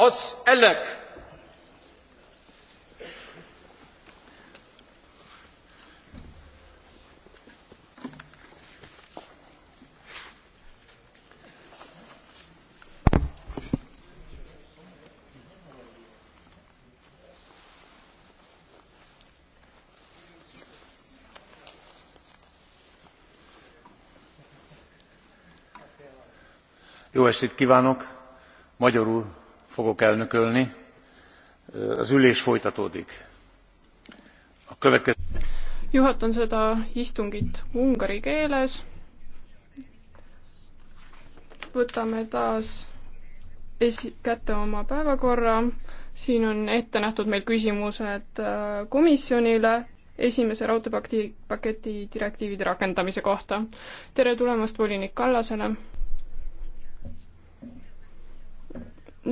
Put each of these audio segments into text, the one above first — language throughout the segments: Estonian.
az elek. Jó estét kívánok! Magyarul fogok elnökölni. Az ülés folytatódik. A következő... Juhatan seda istungit ungari keeles. Võtame taas esi-, kätte oma päevakorra. siin on ette nähtud meil küsimused äh, komisjonile esimese raudteepaketi direktiivide rakendamise kohta. tere tulemast volinik Kallasele!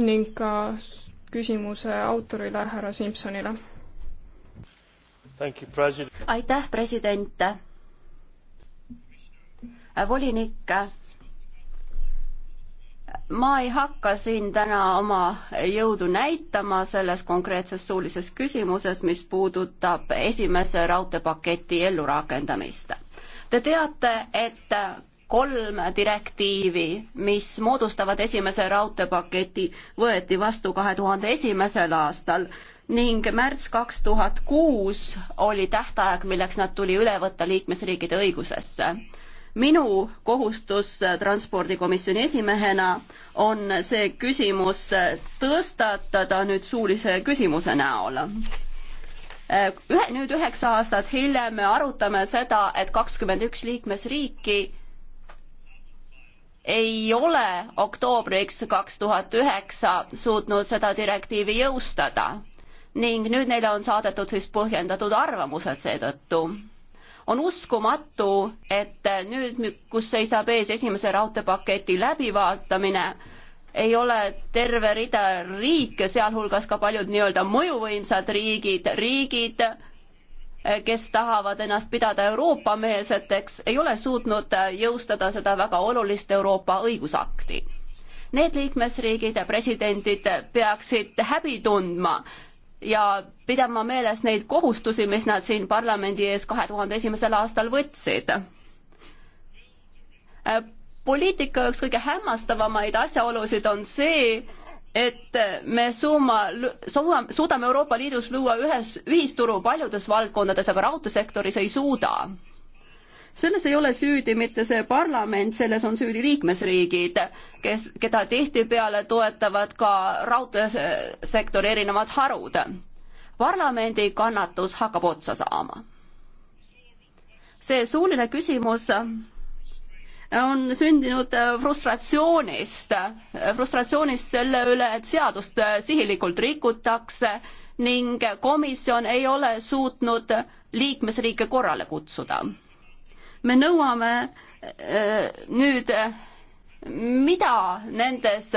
ning ka küsimuse autorile, härra Simsonile. aitäh, president. volinik, ma ei hakka siin täna oma jõudu näitama selles konkreetses suulises küsimuses, mis puudutab esimese raudteepaketi ellurakendamist Te teate, et kolm direktiivi, mis moodustavad esimese raudteepaketi, võeti vastu kahe tuhande esimesel aastal ning märts kaks tuhat kuus oli tähtaeg, milleks nad tuli üle võtta liikmesriikide õigusesse. minu kohustus transpordikomisjoni esimehena on see küsimus tõstatada nüüd suulise küsimuse näol. ühe, nüüd üheksa aastat hiljem me arutame seda, et kakskümmend üks liikmesriiki ei ole oktoobriks kaks tuhat üheksa suutnud seda direktiivi jõustada ning nüüd neile on saadetud siis põhjendatud arvamused seetõttu. on uskumatu, et nüüd, kus seisab ees esimese raudteepaketi läbivaatamine, ei ole terve rida riike, sealhulgas ka paljud nii-öelda mõjuvõimsad riigid, riigid, kes tahavad ennast pidada Euroopa-meelseteks, ei ole suutnud jõustada seda väga olulist Euroopa õigusakti. Need liikmesriigid ja presidendid peaksid häbi tundma ja pidama meeles neid kohustusi, mis nad siin parlamendi ees kahe tuhande esimesel aastal võtsid. poliitika üks kõige hämmastavamaid asjaolusid on see, et me suuma, suudame, suudame Euroopa Liidus luua ühes, ühisturu paljudes valdkondades, aga raudteesektoris ei suuda. selles ei ole süüdi mitte see parlament, selles on süüdi liikmesriigid, kes, keda tihtipeale toetavad ka raudteesektori erinevad harud. parlamendi kannatus hakkab otsa saama. see suuline küsimus on sündinud äh, frustratsioonist, äh, frustratsioonist selle üle, et seadust äh, sihilikult rikutakse ning komisjon ei ole suutnud liikmesriike korrale kutsuda. me nõuame nüüd mida nendes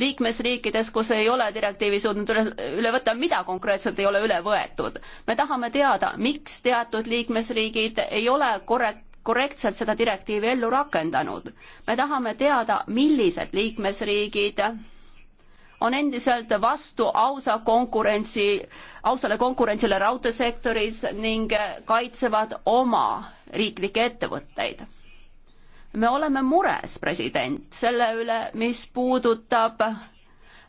liikmesriikides, kus ei ole direktiivi suutnud üle, üle võtta, mida konkreetselt ei ole üle võetud? me tahame teada, miks teatud liikmesriigid ei ole korrekt-, korrektselt seda direktiivi ellu rakendanud. me tahame teada, millised liikmesriigid on endiselt vastu ausa konkurentsi, ausale konkurentsile raudteesektoris ning kaitsevad oma riiklikke ettevõtteid. me oleme mures, president, selle üle, mis puudutab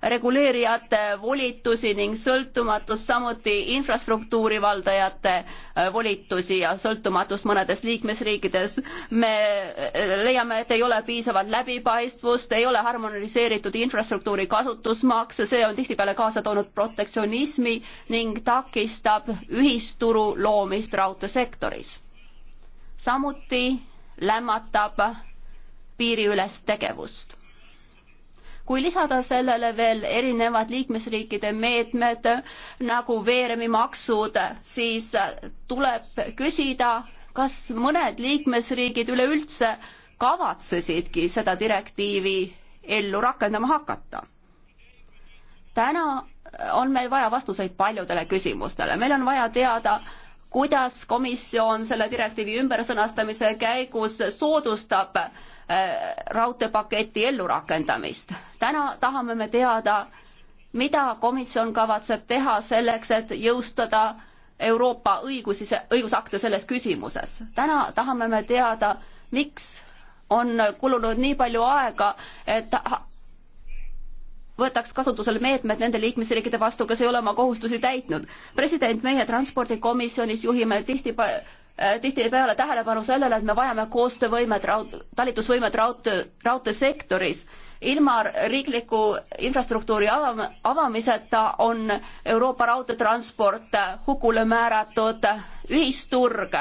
reguleerijate volitusi ning sõltumatust, samuti infrastruktuuri valdajate äh, volitusi ja sõltumatust mõnedes liikmesriikides. me äh, leiame, et ei ole piisavat läbipaistvust, ei ole harmoniseeritud infrastruktuuri kasutusmakse, see on tihtipeale kaasa toonud protektsionismi ning takistab ühisturu loomist raudteesektoris. samuti lämmatab piiriülest tegevust kui lisada sellele veel erinevad liikmesriikide meetmed nagu veeremimaksud, siis tuleb küsida, kas mõned liikmesriigid üleüldse kavatsesidki seda direktiivi ellu rakendama hakata. täna on meil vaja vastuseid paljudele küsimustele, meil on vaja teada, kuidas komisjon selle direktiivi ümbersõnastamise käigus soodustab äh, raudteepaketi ellurakendamist. täna tahame me teada, mida komisjon kavatseb teha selleks, et jõustada Euroopa õigusi, õigusakte selles küsimuses. täna tahame me teada, miks on kulunud nii palju aega, et võtaks kasutusele meetmed nende liikmesriikide vastu, kes ei ole oma kohustusi täitnud. president, meie transpordikomisjonis juhime tihti äh, tihtipeale tähelepanu sellele, et me vajame koostöövõimet raud-, talitusvõimet raudtee, raudteesektoris. ilma riikliku infrastruktuuri avam-, avamiseta on Euroopa raudteetransport hukule määratud ühisturg,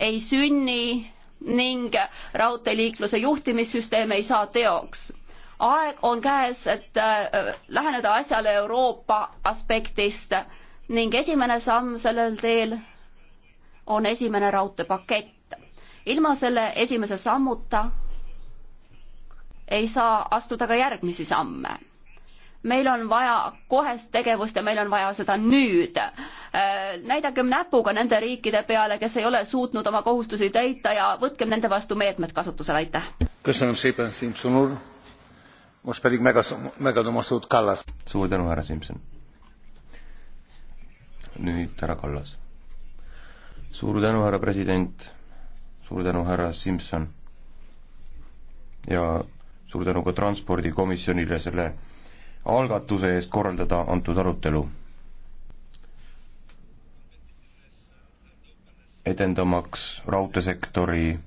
ei sünni ning raudteeliikluse juhtimissüsteem ei saa teoks aeg on käes, et äh, läheneda asjale Euroopa aspektist ning esimene samm sellel teel on esimene raudteepakett. ilma selle esimese sammuta ei saa astuda ka järgmisi samme meil on vaja kohest tegevust ja meil on vaja seda nüüd. Äh, näidakem näpuga nende riikide peale, kes ei ole suutnud oma kohustusi täita ja võtkem nende vastu meetmed kasutusele, aitäh most pedig megadom a szót Kallas. suur tänu, härra Simson. nüüd härra Kallas. suur tänu, härra president, suur tänu, härra Simson ja suur tänu ka Transpordikomisjonile selle algatuse eest korraldada antud arutelu. edendamaks raudteesektori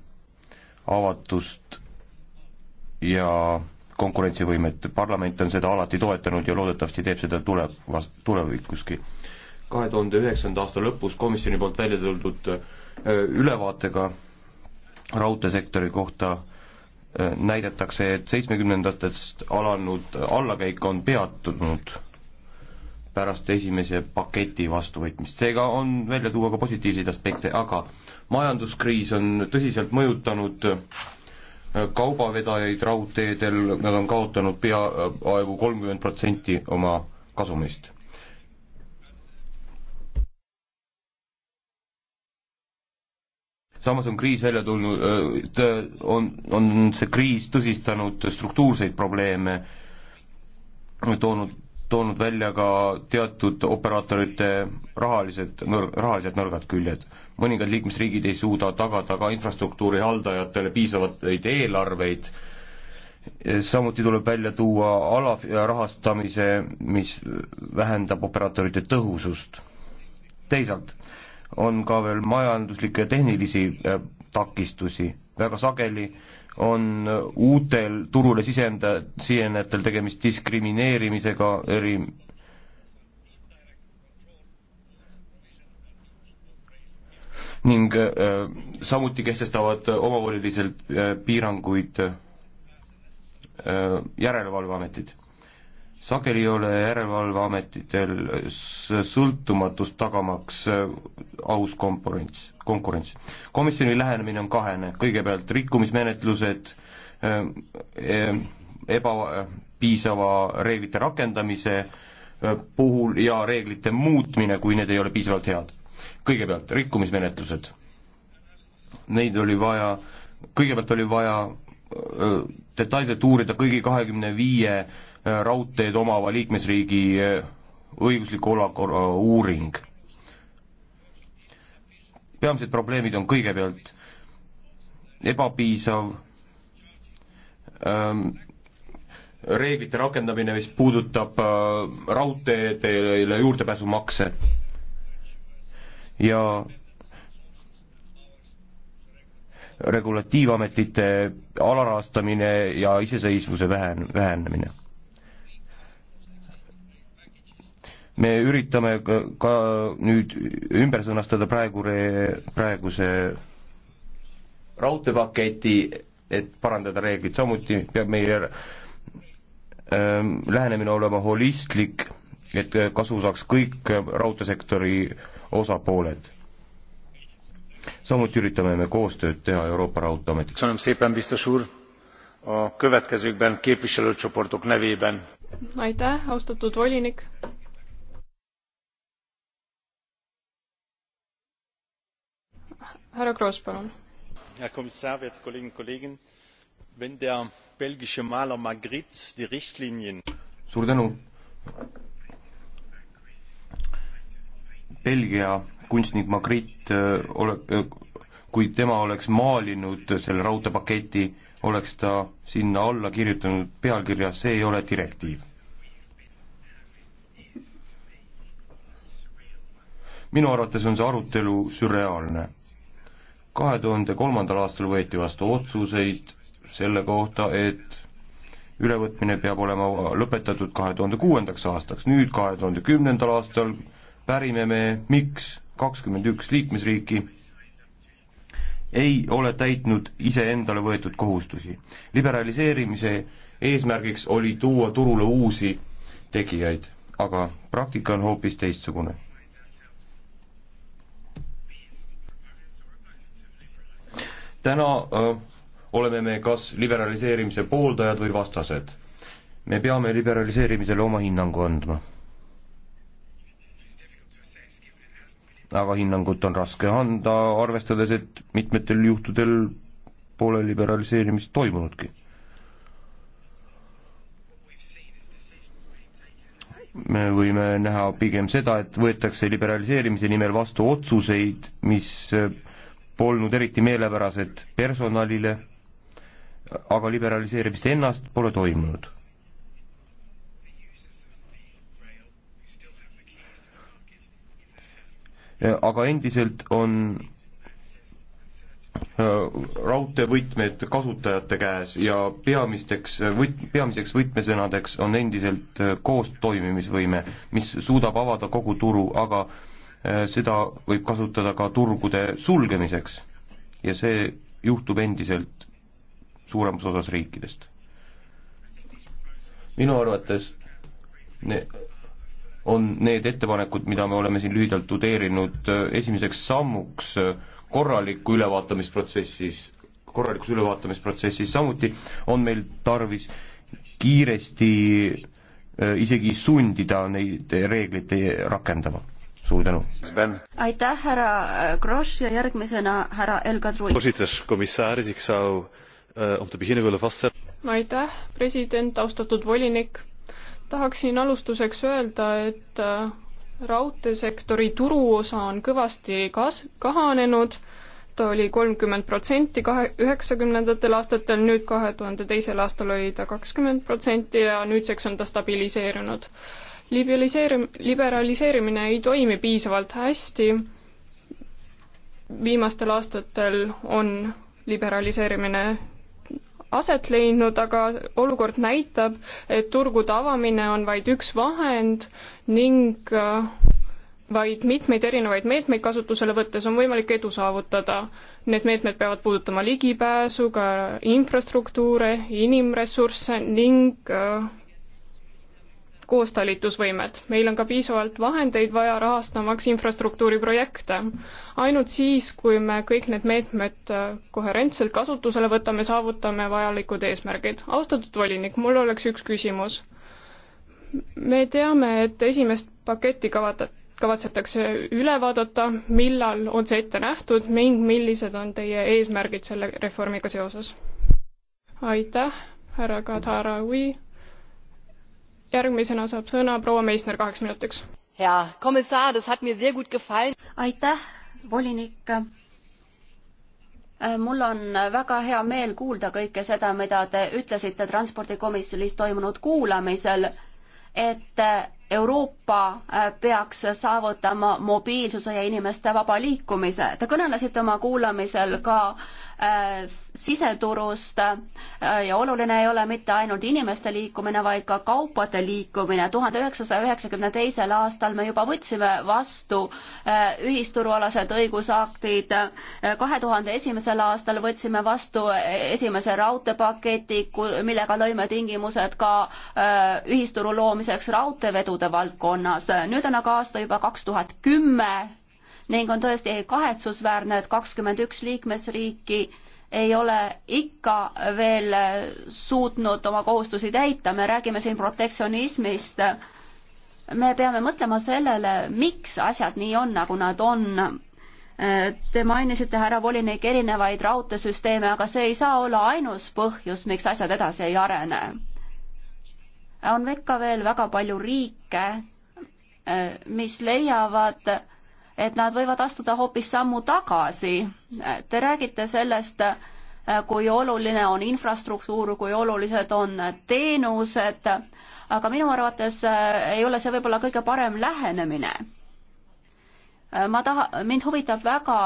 avatust ja konkurentsivõimet, parlament on seda alati toetanud ja loodetavasti teeb seda tule-, tulevikuski. kahe tuhande üheksanda aasta lõpus komisjoni poolt välja tuldud äh, ülevaatega raudteesektori kohta äh, näidatakse, et seitsmekümnendatest alanud allakäik on peatunud pärast esimese paketi vastuvõtmist, seega on välja tuua ka positiivseid aspekte, aga majanduskriis on tõsiselt mõjutanud äh, kaubavedajaid raudteedel, nad on kaotanud peaaegu kolmkümmend protsenti oma kasumist. samas on kriis välja tulnud, äh, on, on see kriis tõsistanud struktuurseid probleeme, toonud toonud välja ka teatud operaatorite rahalised nõrg-, rahaliselt nõrgad küljed. mõningad liikmesriigid ei suuda tagada ka infrastruktuuri haldajatele piisavaid eelarveid, samuti tuleb välja tuua alarahastamise, mis vähendab operaatorite tõhusust. teisalt on ka veel majanduslikke ja tehnilisi äh, takistusi, väga sageli äh, on uutel turule sisenda-, sisenejatel tegemist diskrimineerimisega eri ning äh, samuti kehtestavad omavoliliselt äh, piiranguid äh, järelevalveametid sageli ei ole järelevalveametitel sõltumatust tagamaks äh, aus konkurents, konkurents. komisjoni lähenemine on kahene, kõigepealt rikkumismenetlused, äh, ebapiisava reeglite rakendamise äh, puhul ja reeglite muutmine, kui need ei ole piisavalt head. kõigepealt rikkumismenetlused. Neid oli vaja, kõigepealt oli vaja detailselt uurida kõigi kahekümne viie raudteed omava liikmesriigi eh, õigusliku olukorra uuring. peamised probleemid on kõigepealt ebapiisav ähm, reeglite rakendamine, mis puudutab äh, raudteedele juurdepääsumakse ja regulatiivametite alarahastamine ja iseseisvuse vähen-, vähenemine me üritame ka, ka nüüd ümber sõnastada praegu, praeguse raudteepaketi, et parandada reeglid, samuti peab meie ähm, lähenemine olema holistlik, et kasu saaks kõik raudteesektori osapooled. samuti üritame me koostööd teha Euroopa Raudteeametiga a következőkben képviselőcsoportok nevében. aitäh austatud volinik! härra Kross, palun. Herr Kommissar, head kolleegid, kolleegid. Wenn der belgische Maler Magritte die Richtlinien suur tänu. Belgia kunstnik Magritte äh, ole-, äh, kui tema oleks maalinud selle raudteepaketi, oleks ta sinna alla kirjutanud pealkirja See ei ole direktiiv. minu arvates on see arutelu sürreaalne kahe tuhande kolmandal aastal võeti vastu otsuseid selle kohta, et ülevõtmine peab olema lõpetatud kahe tuhande kuuendaks aastaks, nüüd kahe tuhande kümnendal aastal pärime me, miks kakskümmend üks liikmesriiki ei ole täitnud iseendale võetud kohustusi. liberaliseerimise eesmärgiks oli tuua turule uusi tegijaid, aga praktika on hoopis teistsugune täna öö, äh, oleme me kas liberaliseerimise pooldajad või vastased. me peame liberaliseerimisele oma hinnangu andma. aga hinnangut on raske anda, arvestades, et mitmetel juhtudel pole liberaliseerimist toimunudki. me võime näha pigem seda, et võetakse liberaliseerimise nimel vastu otsuseid, mis polnud eriti meelepärased personalile, aga liberaliseerimist ennast pole toimunud. aga endiselt on äh, raudteevõtmed kasutajate käes ja peamisteks võt-, peamiseks võtmesõnadeks on endiselt äh, koostoimimisvõime, mis suudab avada kogu turu, aga äh, Äh, seda võib kasutada ka turgude sulgemiseks ja see juhtub endiselt suuremas osas riikidest. minu arvates ne-, on need ettepanekud, mida me oleme siin lühidalt tudeerinud, äh, esimeseks sammuks äh, korraliku ülevaatamisprotsessis, korralikus ülevaatamisprotsessis, samuti on meil tarvis kiiresti isegi sundida neid reegleid rakendama suur tänu. aitäh, härra äh, Grosch ja järgmisena härra Elka Trui. Äh, aitäh, president, austatud volinik. tahaksin alustuseks öelda, et äh, raudteesektori turuosa on kõvasti kas-, kahanenud, ta oli kolmkümmend protsenti kahe, üheksakümnendatel aastatel, nüüd kahe tuhande teisel aastal oli ta kakskümmend protsenti ja nüüdseks on ta stabiliseerunud liberaliseerim-, liberaliseerimine ei toimi piisavalt hästi, viimastel aastatel on liberaliseerimine aset leidnud, aga olukord näitab, et turgude avamine on vaid üks vahend ning äh, vaid mitmeid erinevaid meetmeid kasutusele võttes on võimalik edu saavutada. Need meetmed peavad puudutama ligipääsu, ka infrastruktuure, inimressursse ning äh, koostalitusvõimet. meil on ka piisavalt vahendeid vaja rahastamaks infrastruktuuriprojekte. ainult siis, kui me kõik need meetmed äh, koherentselt kasutusele võtame, saavutame vajalikud eesmärgid. austatud volinik, mul oleks üks küsimus. me teame, et esimest paketti kavata-, kavatsetakse üle vaadata, millal on see ette nähtud ning millised on teie eesmärgid selle reformiga seoses? aitäh, härra Kadaraui järgmisena saab sõna proua Meissner kaheks minutiks. hea komissar, das hat mir sehr gut gefallen. aitäh, volinik. mul on väga hea meel kuulda kõike seda, mida te ütlesite transpordikomisjonis toimunud kuulamisel, et Euroopa äh, peaks saavutama mobiilsuse ja inimeste vaba liikumise. Te kõnelesite oma kuulamisel ka äh, siseturust äh, ja oluline ei ole mitte ainult inimeste liikumine, vaid ka kaupade liikumine. tuhande üheksasaja üheksakümne teisel aastal me juba võtsime vastu äh, ühisturualased õigusaktid äh,, kahe tuhande esimesel aastal võtsime vastu äh, esimese raudteepaketi, millega lõime tingimused ka äh, ühisturu loomiseks raudteevedu nõude valdkonnas. nüüd on aga aasta juba kaks tuhat kümme ning on tõesti kahetsusväärne, et kakskümmend üks liikmesriiki ei ole ikka veel suutnud oma kohustusi täita, me räägime siin protektsionismist. me peame mõtlema sellele, miks asjad nii on, nagu nad on. Te mainisite, härra volinik, erinevaid raudteesüsteeme, aga see ei saa olla ainus põhjus, miks asjad edasi ei arene on ikka veel väga palju riike, eh, mis leiavad, et nad võivad astuda hoopis sammu tagasi. Te räägite sellest, eh, kui oluline on infrastruktuur, kui olulised on teenused, aga minu arvates eh, ei ole see võib-olla kõige parem lähenemine. ma taha, mind huvitab väga,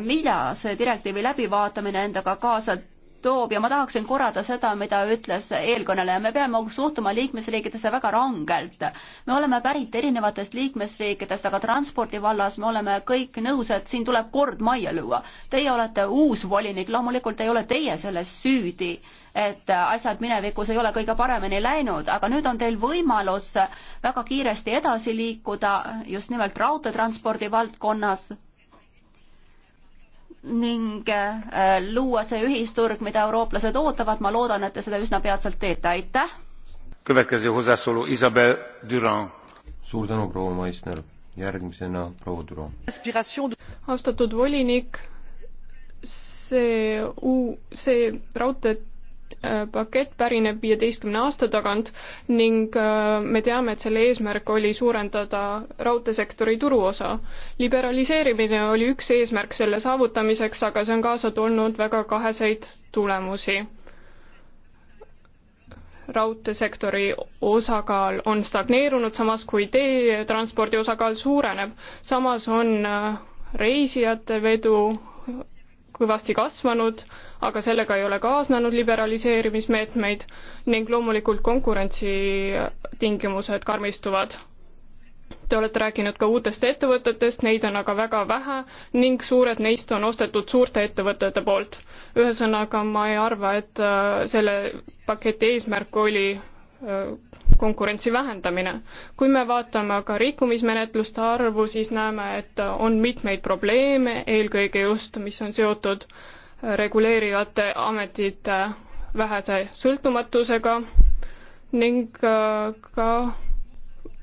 mida see direktiivi läbivaatamine endaga kaasa toob ja ma tahaksin korrada seda, mida ütles eelkõneleja, me peame suhtuma liikmesriikidesse väga rangelt. me oleme pärit erinevatest liikmesriikidest, aga transpordi vallas me oleme kõik nõus, et siin tuleb kord majja lüüa. Teie olete uus volinik, loomulikult ei ole teie selles süüdi, et asjad minevikus ei ole kõige paremini läinud, aga nüüd on teil võimalus väga kiiresti edasi liikuda just nimelt raudteetranspordi valdkonnas ning äh, luua see ühisturg, mida eurooplased ootavad, ma loodan, et te seda üsna peatselt teete, aitäh! suur tänu, proua Maisner, järgmisena proua Düro. austatud volinik, see uu-, see raudtee Äh, pakett pärineb viieteistkümne aasta tagant ning äh, me teame, et selle eesmärk oli suurendada raudteesektori turuosa. liberaliseerimine oli üks eesmärk selle saavutamiseks, aga see on kaasa tulnud väga kaheseid tulemusi. raudteesektori osakaal on stagneerunud, samas kui teetranspordi osakaal suureneb. samas on äh, reisijate vedu kõvasti kasvanud, aga sellega ei ole kaasnenud liberaliseerimismeetmeid ning loomulikult konkurentsitingimused karmistuvad. Te olete rääkinud ka uutest ettevõtetest, neid on aga väga vähe ning suured neist on ostetud suurte ettevõtete poolt. ühesõnaga, ma ei arva, et äh, selle paketi eesmärk oli konkurentsi vähendamine. kui me vaatame aga rikkumismenetluste arvu, siis näeme, et on mitmeid probleeme, eelkõige just, mis on seotud reguleerivate ametite vähese sõltumatusega ning äh, ka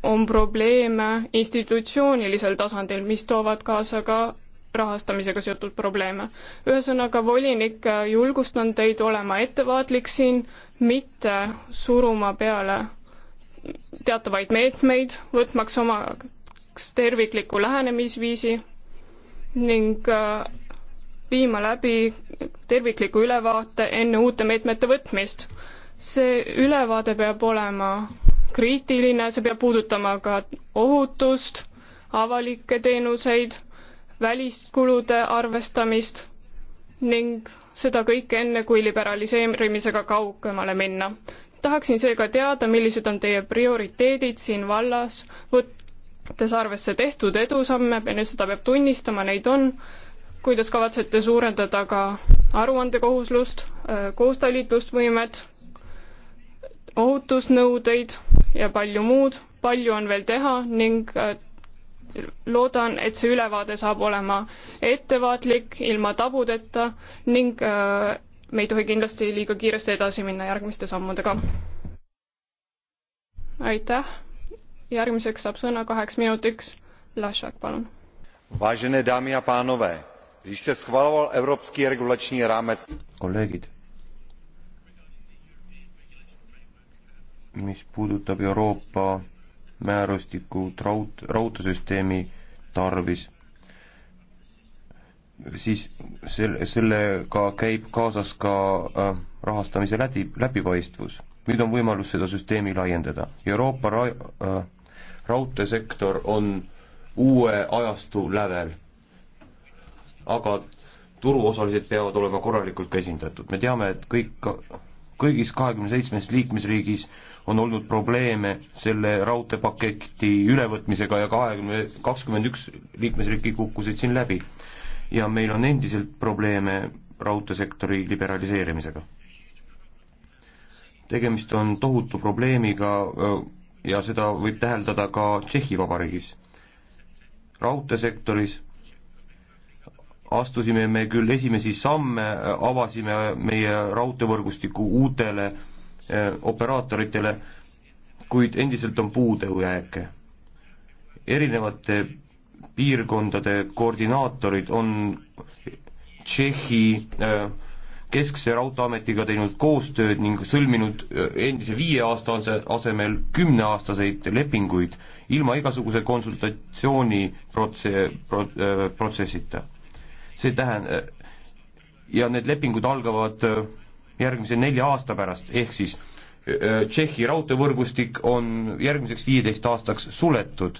on probleeme institutsioonilisel tasandil, mis toovad kaasa ka rahastamisega seotud probleeme. ühesõnaga, volinik, julgustan teid olema ettevaatlik siin, mitte suruma peale teatavaid meetmeid, võtmaks omaks tervikliku lähenemisviisi ning äh, viima läbi tervikliku ülevaate enne uute meetmete võtmist. see ülevaade peab olema kriitiline, see peab puudutama ka ohutust, avalikke teenuseid väliskulude arvestamist ning seda kõike enne, kui liberaliseerimisega kaugemale minna. tahaksin seega teada, millised on teie prioriteedid siin vallas, võttes arvesse tehtud edusamme, seda peab tunnistama, neid on, kuidas kavatsete suurendada ka aruandekohuslust, äh, koostalitlusvõimet, ohutusnõudeid ja palju muud, palju on veel teha ning äh, loodan, et see ülevaade saab olema ettevaatlik, ilma tabudeta ning äh, me ei tohi kindlasti liiga kiiresti edasi minna järgmiste sammudega. aitäh, järgmiseks saab sõna kaheks minutiks, Lašak, palun. Vážené dámy a pánové, když se schvaloval evropský regulační rámec. kolleegid, mis puudutab Euroopa määrustiku raud-, raudteesüsteemi tarvis, siis selle, sellega käib kaasas ka äh, rahastamise läbi, läbipaistvus. nüüd on võimalus seda süsteemi laiendada. Euroopa ra- äh,, raudteesektor on uue ajastu lävel, aga turuosalised peavad olema korralikult ka esindatud. me teame, et kõik, kõigis kahekümne seitsmes liikmesriigis äh, on olnud probleeme selle raudteepaketi ülevõtmisega ja kahekümne, kakskümmend üks liikmesriiki kukkusid siin läbi. ja meil on endiselt probleeme raudteesektori liberaliseerimisega. tegemist on tohutu probleemiga äh, ja seda võib täheldada ka Tšehhi Vabariigis. raudteesektoris astusime me küll esimesi samme, avasime meie raudteevõrgustiku uutele Eh, operaatoritele, kuid endiselt on puudujääke. erinevate piirkondade koordinaatorid on Tšehhi eh, keskse raudteeametiga teinud koostööd ning sõlminud eh, endise viie aasta asemel kümneaastaseid lepinguid ilma igasuguse konsultatsiooni protse-, pro-, protsessita. see tähendab, ja need lepingud algavad järgmise nelja aasta pärast, ehk siis Tšehhi raudteevõrgustik on järgmiseks viieteist aastaks suletud.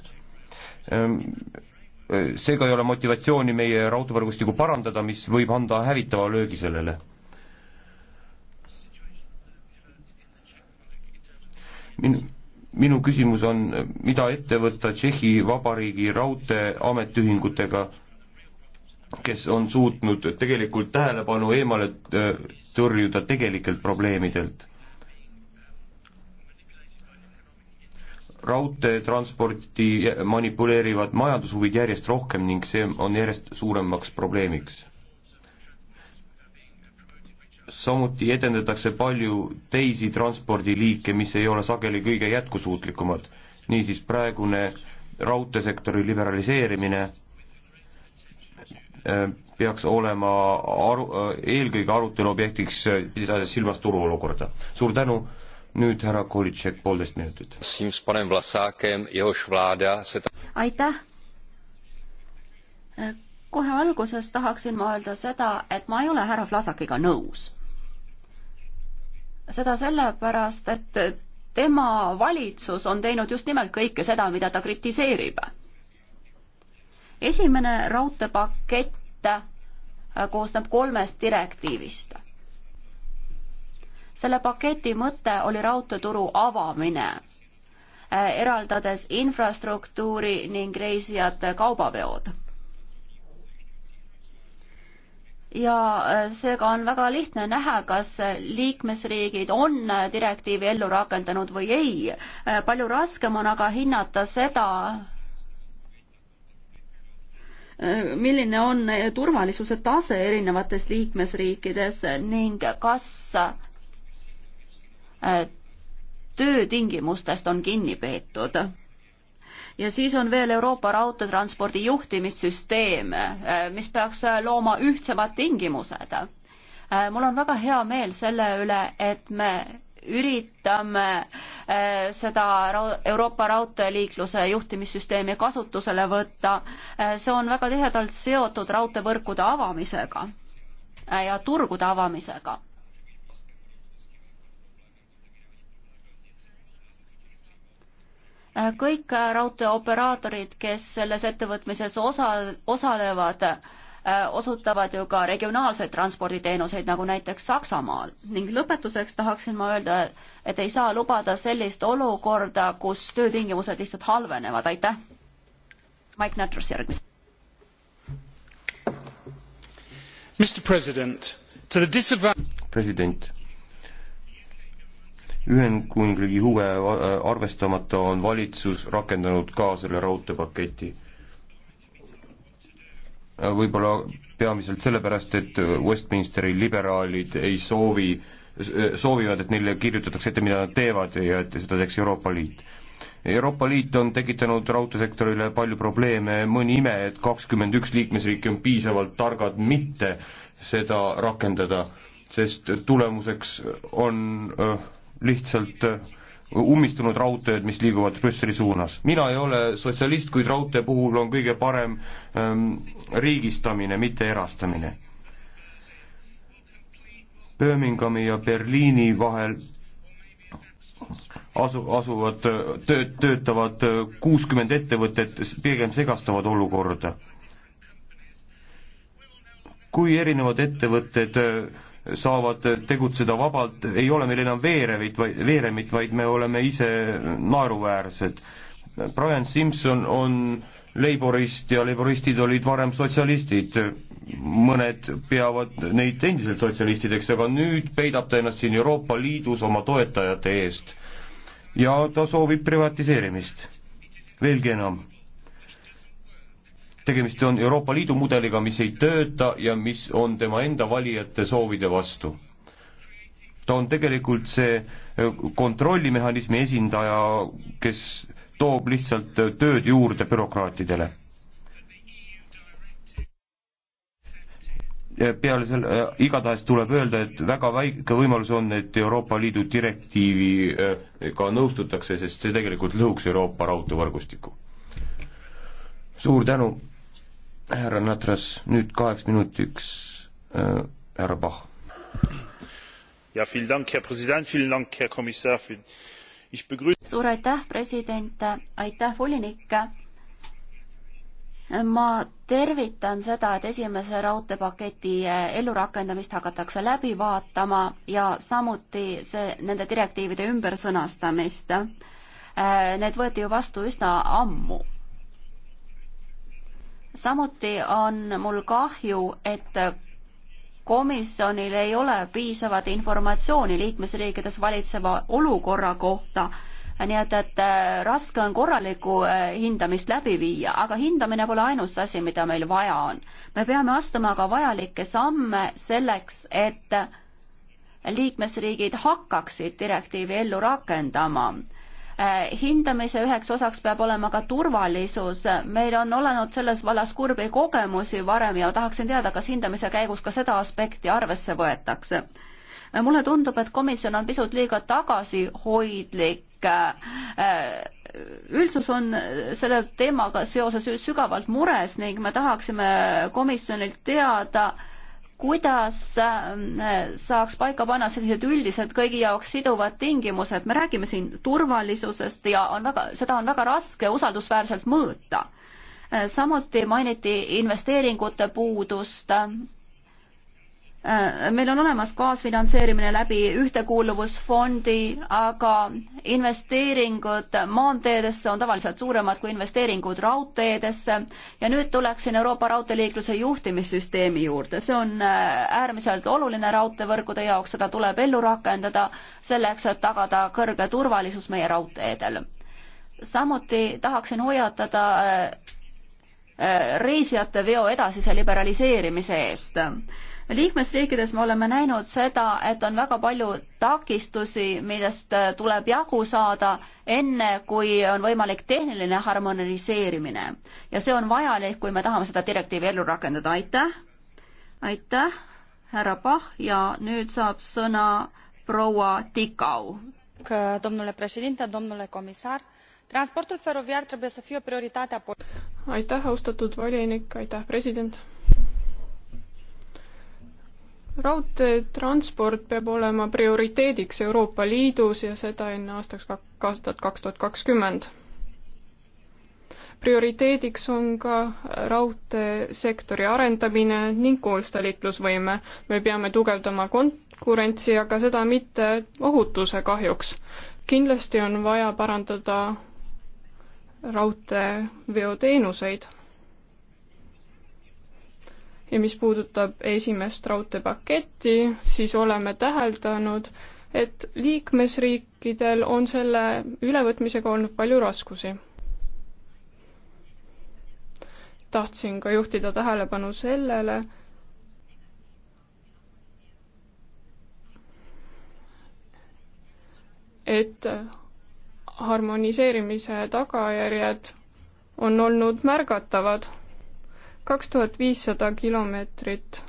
Seega ei ole motivatsiooni meie raudteevõrgustikku parandada, mis võib anda hävitava löögi sellele. minu, minu küsimus on, mida ette võtta Tšehhi Vabariigi raudtee ametiühingutega kes on suutnud tegelikult tähelepanu eemale äh, tõrjuda tegelikelt probleemidelt. raudteetransporti manipuleerivad majandushuvid järjest rohkem ning see on järjest suuremaks probleemiks. samuti edendatakse palju teisi transpordiliike, mis ei ole sageli kõige jätkusuutlikumad. niisiis praegune raudteesektori liberaliseerimine Äh, peaks olema aru, äh, eelkõige arutelu objektiks, äh, pidades silmas turuolukorda. suur tänu, nüüd härra Kolitšek, poolteist minutit. aitäh! kohe alguses tahaksin ma öelda seda, et ma ei ole härra Vlasakiga nõus. seda sellepärast, et tema valitsus on teinud just nimelt kõike seda, mida ta kritiseerib esimene raudteepakett äh, koosneb kolmest direktiivist. selle paketi mõte oli raudteeturu avamine, äh, eraldades infrastruktuuri ning reisijate kaubaveod. ja äh, seega on väga lihtne näha, kas liikmesriigid on direktiivi ellu rakendanud või ei. palju raskem on aga hinnata seda, milline on turvalisuse tase erinevates liikmesriikides ning kas äh, töötingimustest on kinni peetud. ja siis on veel Euroopa raudteetranspordi juhtimissüsteem, äh, mis peaks äh, looma ühtsemad tingimused. mul on väga hea meel selle üle, et me üritame äh, seda Euroopa raudteeliikluse juhtimissüsteemi kasutusele võtta. Äh, see on väga tihedalt seotud raudteevõrkude avamisega äh, ja turgude avamisega. kõik raudteeoperaatorid, kes selles ettevõtmises osa, osalevad, Äh, osutavad ju ka regionaalseid transporditeenuseid, nagu näiteks Saksamaal. ning lõpetuseks tahaksin ma öelda, et ei saa lubada sellist olukorda, kus töötingimused lihtsalt halvenevad, aitäh. Mike Nutters järgmiseks. Mr President, to the disadvantage president Ühendkuningriigi huve äh, arvestamata on valitsus rakendanud ka selle raudteepaketi võib-olla peamiselt sellepärast, et Westminsteri liberaalid ei soovi, soovivad, et neile kirjutatakse ette, mida nad teevad ja et seda teeks Euroopa Liit. Euroopa Liit on tekitanud raudteesektorile palju probleeme, mõni ime, et kakskümmend üks liikmesriiki on piisavalt targad mitte seda rakendada, sest tulemuseks on äh, lihtsalt äh, ummistunud raudteed, mis liiguvad Brüsseli suunas. mina ei ole sotsialist, kuid raudtee puhul on kõige parem ähm, riigistamine, mitte erastamine. Birminghami ja Berliini vahel asu, asuvad, tööd, töötavad äh, kuuskümmend ettevõtet, pigem segastavad olukorda. kui erinevad ettevõtted äh, saavad tegutseda vabalt, ei ole meil enam veerevit, vaid, veeremit, vaid me oleme ise naeruväärsed. Brian Simson on leiborist ja leiboristid olid varem sotsialistid, mõned peavad neid endiselt sotsialistideks, aga nüüd peidab ta ennast siin Euroopa Liidus oma toetajate eest. ja ta soovib privatiseerimist. veelgi enam tegemist on Euroopa Liidu mudeliga, mis ei tööta ja mis on tema enda valijate soovide vastu. ta on tegelikult see eh, kontrollimehhanismi esindaja, kes toob lihtsalt eh, tööd juurde bürokraatidele. peale selle äh,, igatahes tuleb öelda, et väga väike võimalus on, et Euroopa Liidu direktiiviga äh, ka nõustutakse, sest see tegelikult lõhuks Euroopa raudteevõrgustiku. suur tänu! härra Natras, nüüd kaheks minutiks äh, härra Pahh. ja, suur aitäh, president, aitäh, volinik. ma tervitan seda, et esimese raudteepaketi äh, ellurakendamist hakatakse läbi vaatama ja samuti see, nende direktiivide ümbersõnastamist. Äh, need võeti ju vastu üsna ammu samuti on mul kahju, et komisjonil ei ole piisavat informatsiooni liikmesriikides valitseva olukorra kohta, nii et, et äh, raske on korralikku äh, hindamist läbi viia, aga hindamine pole ainus asi, mida meil vaja on. me peame astuma ka vajalikke samme selleks, et liikmesriigid hakkaksid direktiivi ellu rakendama Eh, hindamise üheks osaks peab olema ka turvalisus. meil on olnud selles vallas kurbi kogemusi varem ja tahaksin teada, kas hindamise käigus ka seda aspekti arvesse võetakse. Eh, mulle tundub, et komisjon on pisut liiga tagasihoidlik eh, üldsus on selle teemaga seoses sügavalt mures ning me tahaksime komisjonilt teada, kuidas ähm, saaks paika panna sellised üldised kõigi jaoks siduvad tingimused, me räägime siin turvalisusest ja on väga, seda on väga raske usaldusväärselt mõõta. Äh, samuti mainiti investeeringute puudust Äh, meil on olemas kaasfinantseerimine läbi ühtekuuluvusfondi, aga investeeringud maanteedesse on tavaliselt suuremad kui investeeringud raudteedesse ja nüüd tuleksin Euroopa raudteeliikluse juhtimissüsteemi juurde. see on äh, äärmiselt oluline raudteevõrgude jaoks, seda tuleb ellu rakendada selleks, et tagada kõrge turvalisus meie raudteedel. samuti tahaksin hoiatada äh, reisijate veo edasise liberaliseerimise eest liikmesriikides me oleme näinud seda, et on väga palju takistusi, millest äh, tuleb jagu saada, enne kui on võimalik tehniline harmoniseerimine. ja see on vajalik, kui me tahame seda direktiivi ellu rakendada, aitäh! aitäh, härra Pah ja nüüd saab sõna proua Tikau. aitäh, austatud volinik, aitäh, president! raudteetransport peab olema prioriteediks Euroopa Liidus ja seda enne aastaks kaks tuhat, kaks tuhat kakskümmend. prioriteediks on ka raudteesektori arendamine ning koostaliiklusvõime. me peame tugevdama konkurentsi, aga seda mitte ohutuse kahjuks. kindlasti on vaja parandada raudteeveoteenuseid ja mis puudutab esimest raudteepaketti, siis oleme täheldanud, et liikmesriikidel on selle ülevõtmisega olnud palju raskusi. tahtsin ka juhtida tähelepanu sellele, et harmoniseerimise tagajärjed on olnud märgatavad kaks tuhat viissada kilomeetrit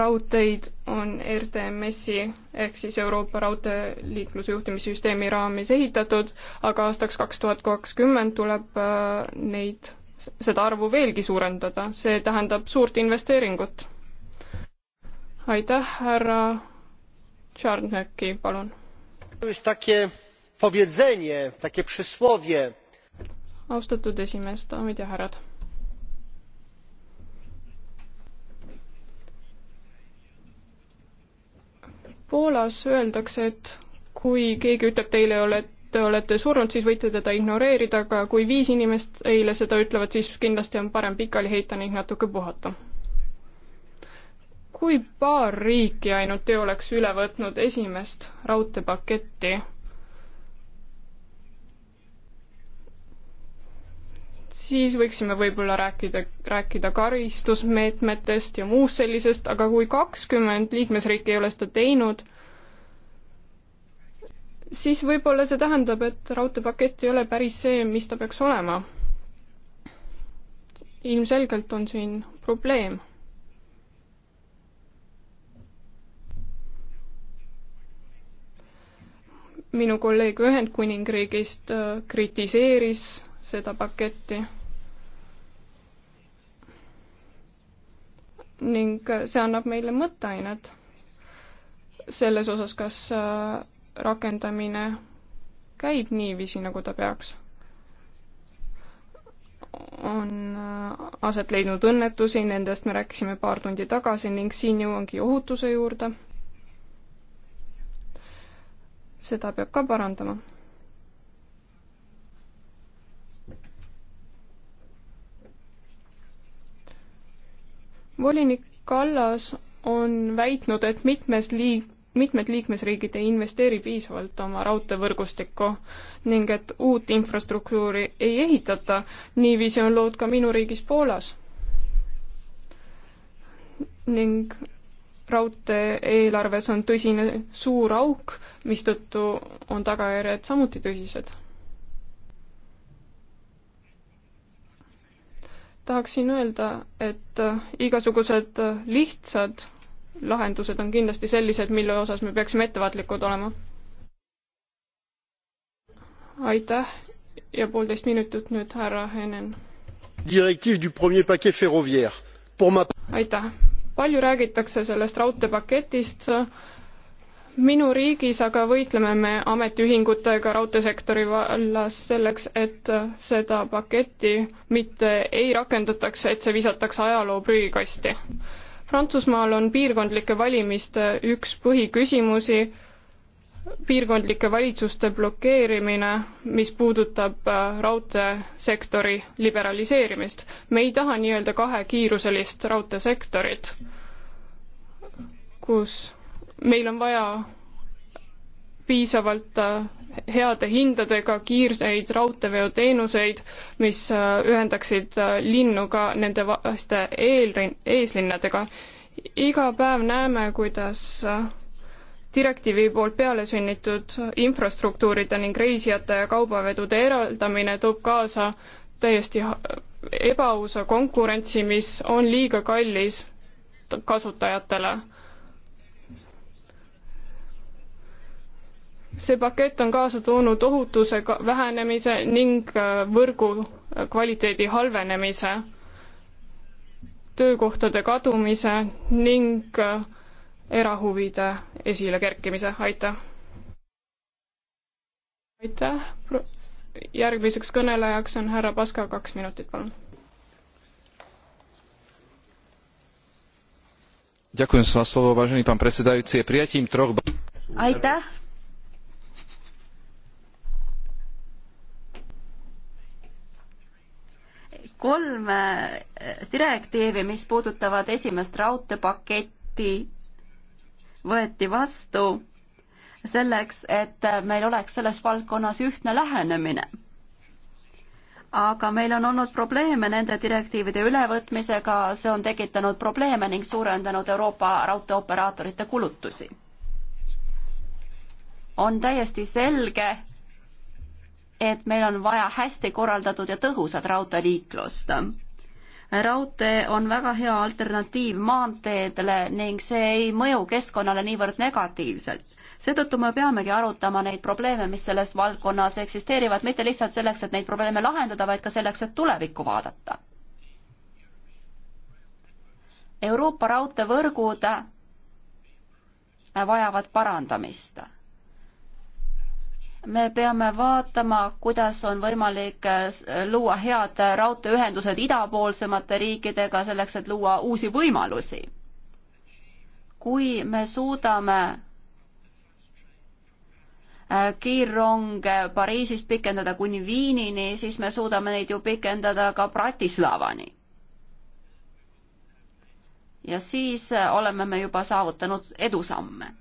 raudteid on RTMS-i ehk siis Euroopa raudteeliikluse juhtimissüsteemi raamis ehitatud, aga aastaks kaks tuhat kakskümmend tuleb äh, neid, seda arvu veelgi suurendada, see tähendab suurt investeeringut. aitäh, härra Tšarnäki, palun austatud esimees, daamid ja härrad. Poolas öeldakse, et kui keegi ütleb teile, te olete surnud, siis võite teda ignoreerida, aga kui viis inimest eile seda ütlevad, siis kindlasti on parem pikali heita ning natuke puhata. kui paar riiki ainult ei oleks üle võtnud esimest raudteepaketti siis võiksime võib-olla rääkida, rääkida karistusmeetmetest ja muust sellisest, aga kui kakskümmend liikmesriiki ei ole seda teinud, siis võib-olla see tähendab, et raudteepakett ei ole päris see, mis ta peaks olema. ilmselgelt on siin probleem minu kolleeg Ühendkuningriigist äh, kritiseeris seda paketti. ning see annab meile mõtteainet selles osas, kas äh, rakendamine käib niiviisi, nagu ta peaks. on äh, aset leidnud õnnetusi, nendest me rääkisime paar tundi tagasi ning siin jõuangi ohutuse juurde. seda peab ka parandama volinik Kallas on väitnud, et mitmes liik-, mitmed liikmesriigid ei investeeri piisavalt oma raudteevõrgustikku ning et uut infrastruktuuri ei ehitata. niiviisi on lood ka minu riigis Poolas. ning raudtee eelarves on tõsine suur auk, mistõttu on tagajärjed samuti tõsised tahaksin öelda, et äh, igasugused äh, lihtsad lahendused on kindlasti sellised, mille osas me peaksime ettevaatlikud olema. aitäh ja poolteist minutit nüüd härra Henen. direktiiv du premier paquet ferroviaire. aitäh. palju räägitakse sellest raudteepaketist minu riigis aga võitleme me ametiühingutega raudteesektori vallas selleks, et seda paketti mitte ei rakendataks, et see visatakse ajaloo prügikasti. Prantsusmaal on piirkondlike valimiste üks põhiküsimusi piirkondlike valitsuste blokeerimine, mis puudutab äh, raudteesektori liberaliseerimist. me ei taha nii-öelda kahekiiruselist raudteesektorit, kus meil on vaja piisavalt äh, heade hindadega kiirseid raudteeveoteenuseid, mis äh, ühendaksid äh, linnu ka nende vaste eelrin-, eeslinnadega. iga päev näeme, kuidas direktiivi poolt peale sunnitud infrastruktuuride ning reisijate ja kaubavedude eraldamine toob kaasa täiesti ebaausa konkurentsi, mis on liiga kallis kasutajatele see pakett on kaasa toonud ohutuse vähenemise ning äh, võrgu äh, kvaliteedi halvenemise, töökohtade kadumise ning äh, erahuvide esilekerkimise, aitäh! aitäh, järgmiseks kõnelejaks on härra Paska, kaks minutit, palun. aitäh, kolme äh, direktiivi, mis puudutavad esimest raudteepaketti, võeti vastu selleks, et meil oleks selles valdkonnas ühtne lähenemine. aga meil on olnud probleeme nende direktiivide ülevõtmisega, see on tekitanud probleeme ning suurendanud Euroopa raudteeoperaatorite kulutusi. on täiesti selge, et meil on vaja hästi korraldatud ja tõhusat raudteeliiklust. raudtee on väga hea alternatiiv maanteedele ning see ei mõju keskkonnale niivõrd negatiivselt seetõttu me peamegi arutama neid probleeme, mis selles valdkonnas eksisteerivad, mitte lihtsalt selleks, et neid probleeme lahendada, vaid ka selleks, et tulevikku vaadata. Euroopa raudteevõrgud vajavad parandamist me peame vaatama, kuidas on võimalik äh, äh, luua head äh, raudteeühendused idapoolsemate riikidega selleks, et luua uusi võimalusi. kui me suudame kiirronge Pariisist pikendada kuni Viinini, siis me suudame neid ju pikendada ka Bratislavani. ja siis oleme me juba saavutanud edusamme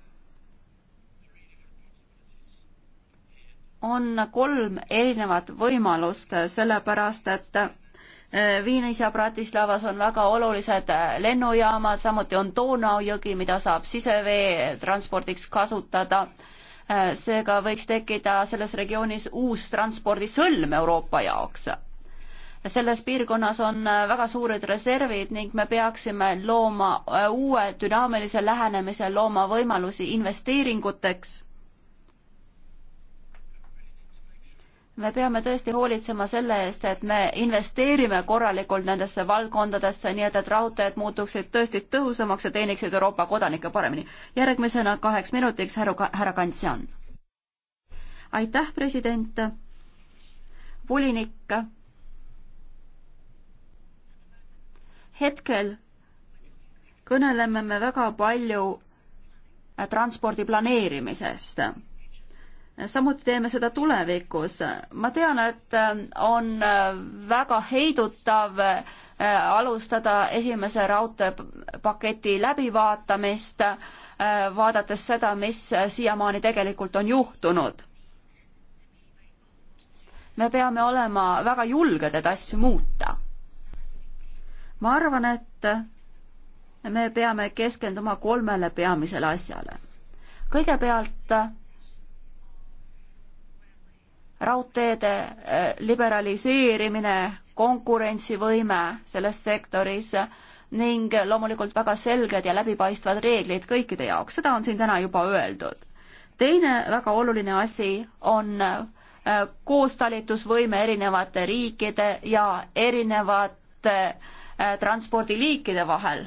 on kolm erinevat võimalust, sellepärast et eh, Viinis ja Bratislavas on väga olulised eh, lennujaamad, samuti on Donaujõgi, mida saab siseveetranspordiks kasutada. Eh, seega võiks tekkida selles regioonis uus transpordisõlm Euroopa jaoks. selles piirkonnas on väga suured reservid ning me peaksime looma uue dünaamilise lähenemise, looma võimalusi investeeringuteks me peame tõesti hoolitsema selle eest, et me investeerime korralikult nendesse valdkondadesse, nii et, et raudteed muutuksid tõesti tõhusamaks ja teeniksid Euroopa kodanikke paremini. järgmisena kaheks minutiks härra, härra Kantsjan. aitäh, president, volinik. hetkel kõneleme me väga palju transpordi planeerimisest samuti teeme seda tulevikus. ma tean, et äh, on äh, väga heidutav äh, alustada esimese raudteepaketi läbivaatamist, vaadates seda, mis siiamaani tegelikult on juhtunud. me peame olema väga julged, et asju muuta. ma arvan, et me peame keskenduma kolmele peamisele asjale. kõigepealt raudteede eh, liberaliseerimine, konkurentsivõime selles sektoris ning loomulikult väga selged ja läbipaistvad reeglid kõikide jaoks, seda on siin täna juba öeldud. teine väga oluline asi on eh, koostalitusvõime erinevate riikide ja erinevate eh, transpordiliikide vahel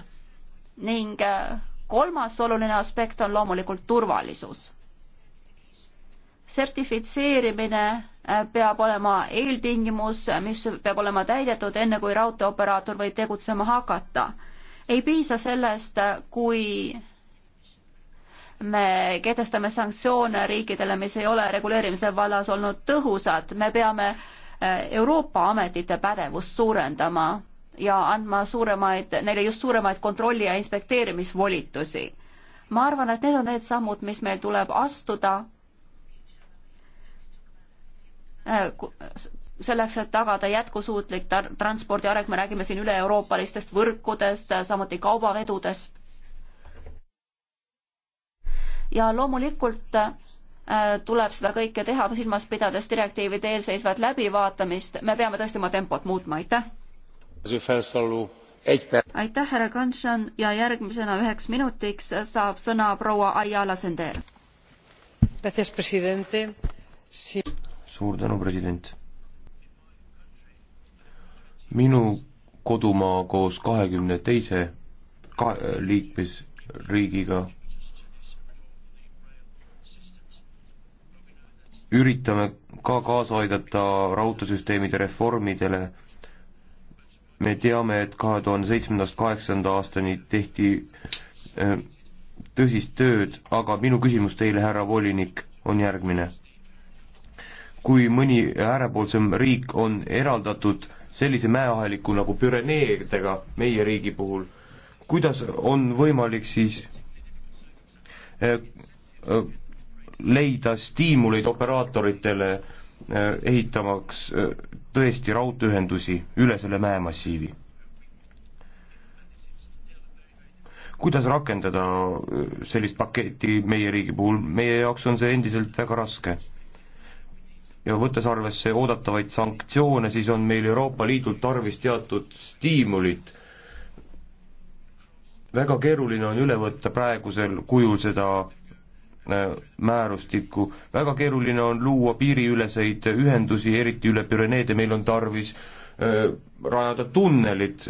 ning kolmas oluline aspekt on loomulikult turvalisus sertifitseerimine äh, peab olema eeltingimus, mis peab olema täidetud, enne kui raudteeoperaator võib tegutsema hakata. ei piisa sellest, äh, kui me kehtestame sanktsioone riikidele, mis ei ole reguleerimise vallas olnud tõhusad, me peame äh, Euroopa ametite pädevust suurendama ja andma suuremaid, neile just suuremaid kontrolli- ja inspekteerimisvolitusi. ma arvan, et need on need sammud, mis meil tuleb astuda Äh, selleks, et tagada jätkusuutlik tar-, transpordi areng, me räägime siin üle-euroopalistest võrkudest, äh, samuti kaubavedudest. ja loomulikult äh, tuleb seda kõike teha silmas pidades direktiivide eelseisvat läbivaatamist, me peame tõesti oma tempot muutma, aitäh! aitäh, härra Kanšan ja järgmisena üheks minutiks saab sõna proua Ayala Sender. Si suur tänu, president. minu kodumaa koos kahekümne teise ka-, liikmesriigiga üritame ka kaasa aidata raudteesüsteemide reformidele. me teame, et kahe tuhande seitsmendast kaheksanda aastani tehti äh, tõsist tööd, aga minu küsimus teile, härra volinik, on järgmine kui mõni äärepoolsem riik on eraldatud sellise mäeaheliku nagu Püreneedega meie riigi puhul, kuidas on võimalik siis eh, eh, leida stiimuleid operaatoritele eh, ehitamaks tõesti raudteeühendusi üle selle mäemassiivi? kuidas rakendada sellist paketti meie riigi puhul, meie jaoks on see endiselt väga raske ja võttes arvesse oodatavaid sanktsioone, siis on meil Euroopa Liidul tarvis teatud stiimulit. väga keeruline on üle võtta praegusel kujul seda äh, määrustikku, väga keeruline on luua piiriüleseid ühendusi, eriti üle Püreneede, meil on tarvis äh, rajada tunnelid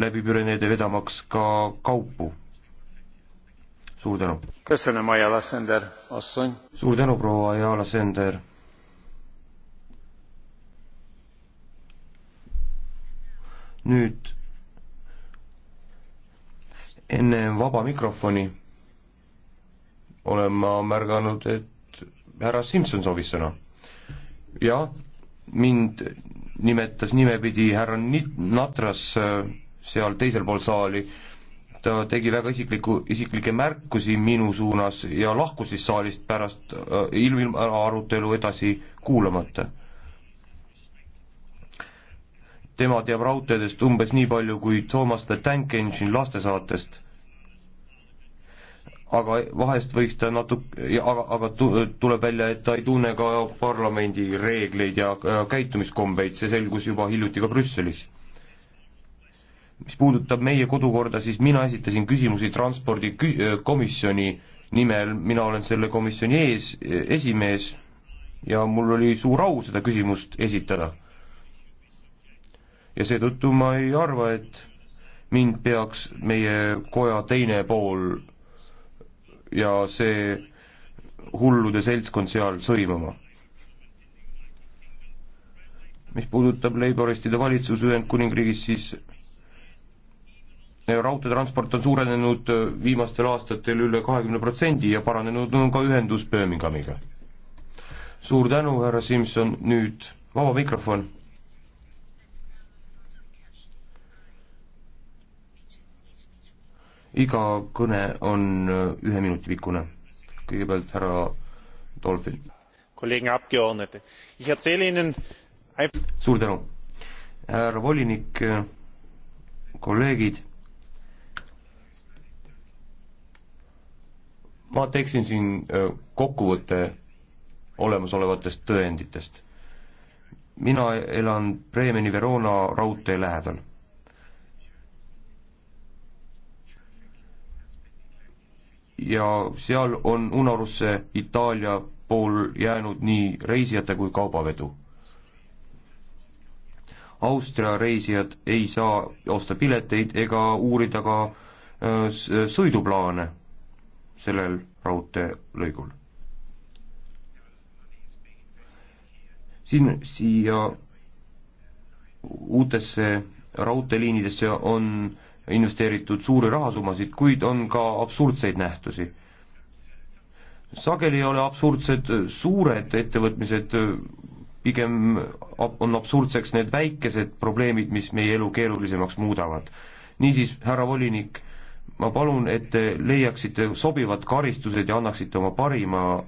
läbi Püreneede, vedamaks ka kaupu. suur tänu! suur tänu, proua Ayala Sender! nüüd enne vaba mikrofoni olen ma märganud, et härra Simson soovis sõna. jah, mind nimetas nimepidi härra Nit-, Natras äh, seal teisel pool saali, ta tegi väga isikliku, isiklikke märkusi minu suunas ja lahkus siis saalist pärast äh, ilma arutelu edasi kuulamata tema teab raudteedest umbes nii palju kui Thomas the Tank Engine lastesaatest. aga vahest võiks ta natuke, aga, aga tuleb välja, et ta ei tunne ka parlamendi reegleid ja käitumiskombeid, see selgus juba hiljuti ka Brüsselis mis puudutab meie kodukorda, siis mina esitasin küsimusi transpordikomisjoni nimel, mina olen selle komisjoni ees, esimees ja mul oli suur au seda küsimust esitada ja seetõttu ma ei arva, et mind peaks meie koja teine pool ja see hullude seltskond seal sõimama. mis puudutab leiboristide valitsus Ühendkuningriigis, siis äh, raudteetransport on suurenenud äh, viimastel aastatel üle kahekümne protsendi ja paranenud on ka ühendus Birminghamiga. suur tänu, härra Simson, nüüd vaba mikrofon iga kõne on äh, ühe minuti pikkune. kõigepealt härra Dolphin. suur tänu. härra volinik, äh, kolleegid, ma teeksin siin äh, kokkuvõtte olemasolevatest tõenditest. mina elan Bremeni-Verona raudtee lähedal ja seal on unarusse Itaalia pool jäänud nii reisijate kui kaubavedu. Austria reisijad ei saa osta pileteid ega uurida ka äh, sõiduplaane sellel raudteelõigul. siin, siia uutesse raudteeliinidesse on äh, investeeritud suuri rahasummasid, kuid on ka absurdseid nähtusi. sageli ei ole absurdsed suured ettevõtmised, pigem on absurdseks need väikesed probleemid, mis meie elu keerulisemaks muudavad. niisiis, härra volinik, ma palun, et te leiaksite sobivad karistused ja annaksite oma parima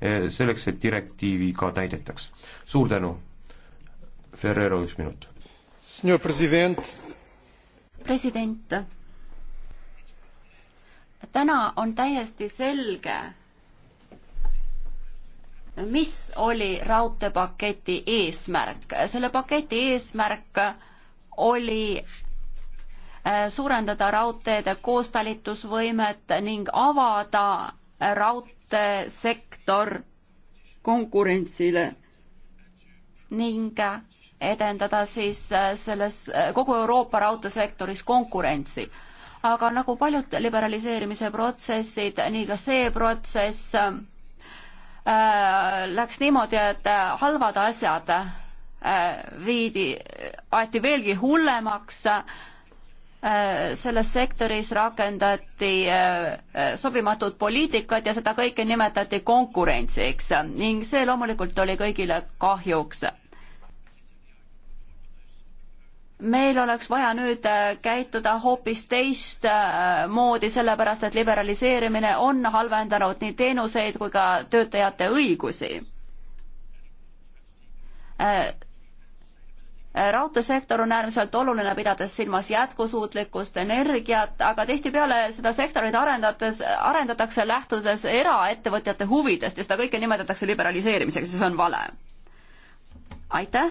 eh, selleks, et direktiivi ka täidetaks. suur tänu. Ferrero, üks minut. Senhor Presidente, president, täna on täiesti selge, mis oli raudteepaketi eesmärk. selle paketi eesmärk oli äh, suurendada raudteede koostalitusvõimet ning avada raudteesektor konkurentsile ning äh, edendada siis äh, selles äh, kogu Euroopa raudteesektoris konkurentsi. aga nagu paljud liberaliseerimise protsessid, nii ka see protsess äh, läks niimoodi, et äh, halvad asjad äh, viidi, aeti veelgi hullemaks äh,, selles sektoris rakendati sobimatut poliitikat ja seda kõike nimetati konkurentsiks ning see loomulikult oli kõigile kahjuks meil oleks vaja nüüd äh, käituda hoopis teistmoodi, äh, sellepärast et liberaliseerimine on halvendanud nii teenuseid kui ka töötajate õigusi. Äh, raudteesektor on äärmiselt oluline, pidades silmas jätkusuutlikkust, energiat, aga tihtipeale seda sektorit arendades, arendatakse lähtudes eraettevõtjate huvidest ja seda kõike nimetatakse liberaliseerimiseks ja see on vale. aitäh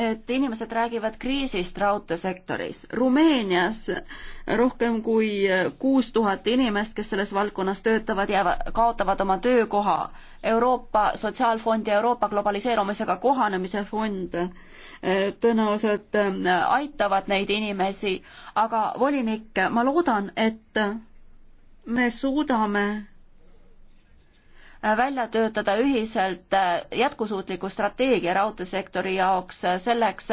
et inimesed räägivad kriisist raudteesektoris. Rumeenias rohkem kui kuus tuhat inimest, kes selles valdkonnas töötavad, jäävad, kaotavad oma töökoha. Euroopa Sotsiaalfond ja Euroopa globaliseerumisega kohanemise fond eh, tõenäoliselt eh, aitavad neid inimesi, aga volinik, ma loodan, et me suudame välja töötada ühiselt äh, jätkusuutliku strateegia raudteesektori jaoks äh, selleks,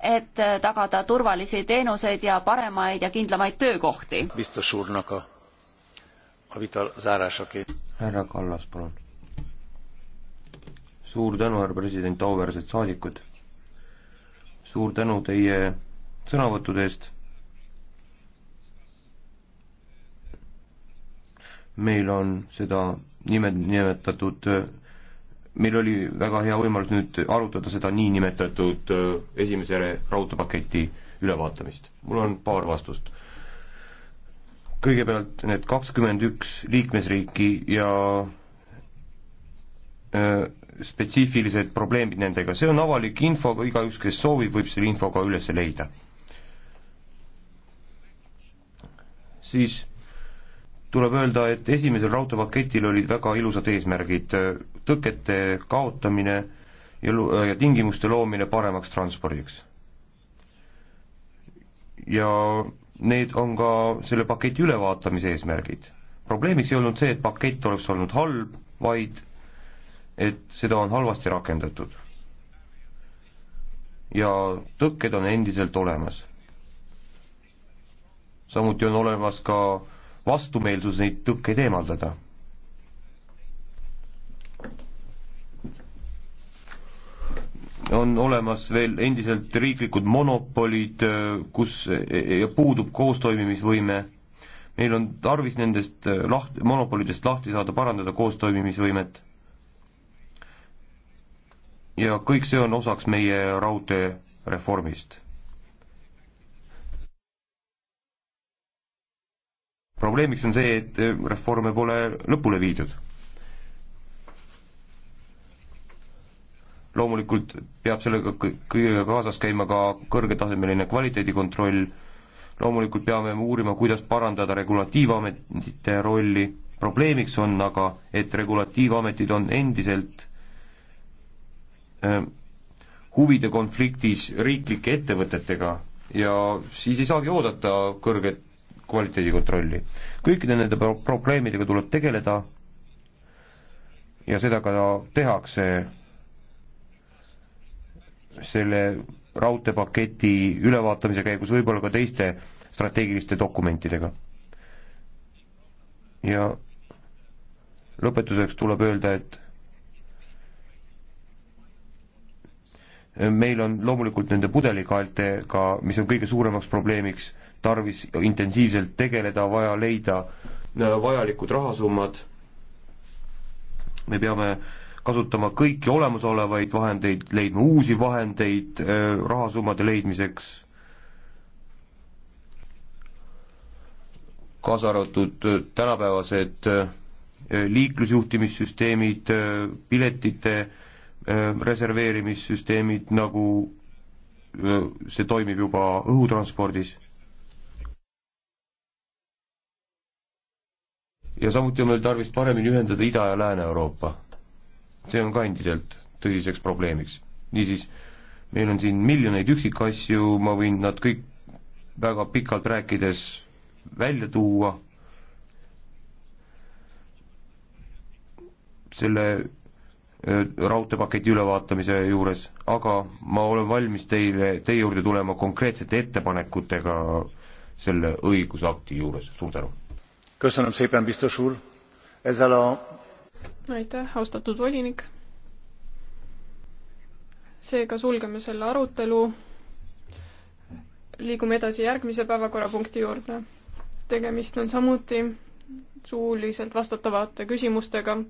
et äh, tagada turvalisi teenuseid ja paremaid ja kindlamaid töökohti. härra Kallas, palun. suur tänu, härra president, auväärsed saadikud. suur tänu teie sõnavõttude eest. meil on seda nimed, nimetatud, äh, meil oli väga hea võimalus nüüd arutada seda niinimetatud äh, esimese raudteepaketi ülevaatamist. mul on paar vastust. kõigepealt need kakskümmend üks liikmesriiki ja äh, spetsiifilised probleemid nendega, see on avalik info, igaüks, kes soovib, võib selle info ka üles leida. siis tuleb öelda, et esimesel raudteepaketil olid väga ilusad eesmärgid, tõkete kaotamine ja, ja tingimuste loomine paremaks transpordiks. ja need on ka selle paketi ülevaatamise eesmärgid. probleemiks ei olnud see, et pakett oleks olnud halb, vaid et seda on halvasti rakendatud. ja tõkked on endiselt olemas. samuti on olemas ka vastumeelsus neid tõkkeid eemaldada. on olemas veel endiselt riiklikud monopolid, kus puudub koostoimimisvõime, meil on tarvis nendest laht-, monopolidest lahti saada, parandada koostoimimisvõimet ja kõik see on osaks meie raudteereformist probleemiks on see, et eh, reforme pole lõpule viidud. loomulikult peab sellega kõigega kaasas käima ka kõrgetasemeline kvaliteedikontroll, loomulikult peame uurima, kuidas parandada regulatiivametite rolli, probleemiks on aga, et regulatiivametid on endiselt eh, huvide konfliktis riiklike ettevõtetega ja siis ei saagi oodata kõrget kvaliteedikontrolli. kõikide nende pro probleemidega tuleb tegeleda ja seda ka tehakse selle raudteepaketi ülevaatamise käigus, võib-olla ka teiste strateegiliste dokumentidega. ja lõpetuseks tuleb öelda, et meil on loomulikult nende pudelikaeltega, mis on kõige suuremaks probleemiks tarvis intensiivselt tegeleda, vaja leida äh, vajalikud rahasummad, me peame kasutama kõiki olemasolevaid vahendeid, leidma uusi vahendeid äh, rahasummade leidmiseks, kaasa arvatud äh, tänapäevased liiklusjuhtimissüsteemid, piletite reserveerimissüsteemid, nagu see toimib juba õhutranspordis ja samuti on meil tarvis paremini ühendada Ida- ja Lääne-Euroopa. see on ka endiselt tõsiseks probleemiks. niisiis, meil on siin miljoneid üksikasju, ma võin nad kõik väga pikalt rääkides välja tuua, selle äh, raudteepaketi ülevaatamise juures, aga ma olen valmis teile, teie juurde tulema konkreetsete ettepanekutega selle õigusakti juures, suur tänu! köszönöm szépen, biztos úr. Ezzel a... aitäh, austatud volinik. seega sulgeme selle arutelu. liigume edasi järgmise päevakorrapunkti juurde. tegemist on samuti suuliselt vastatavate küsimustega.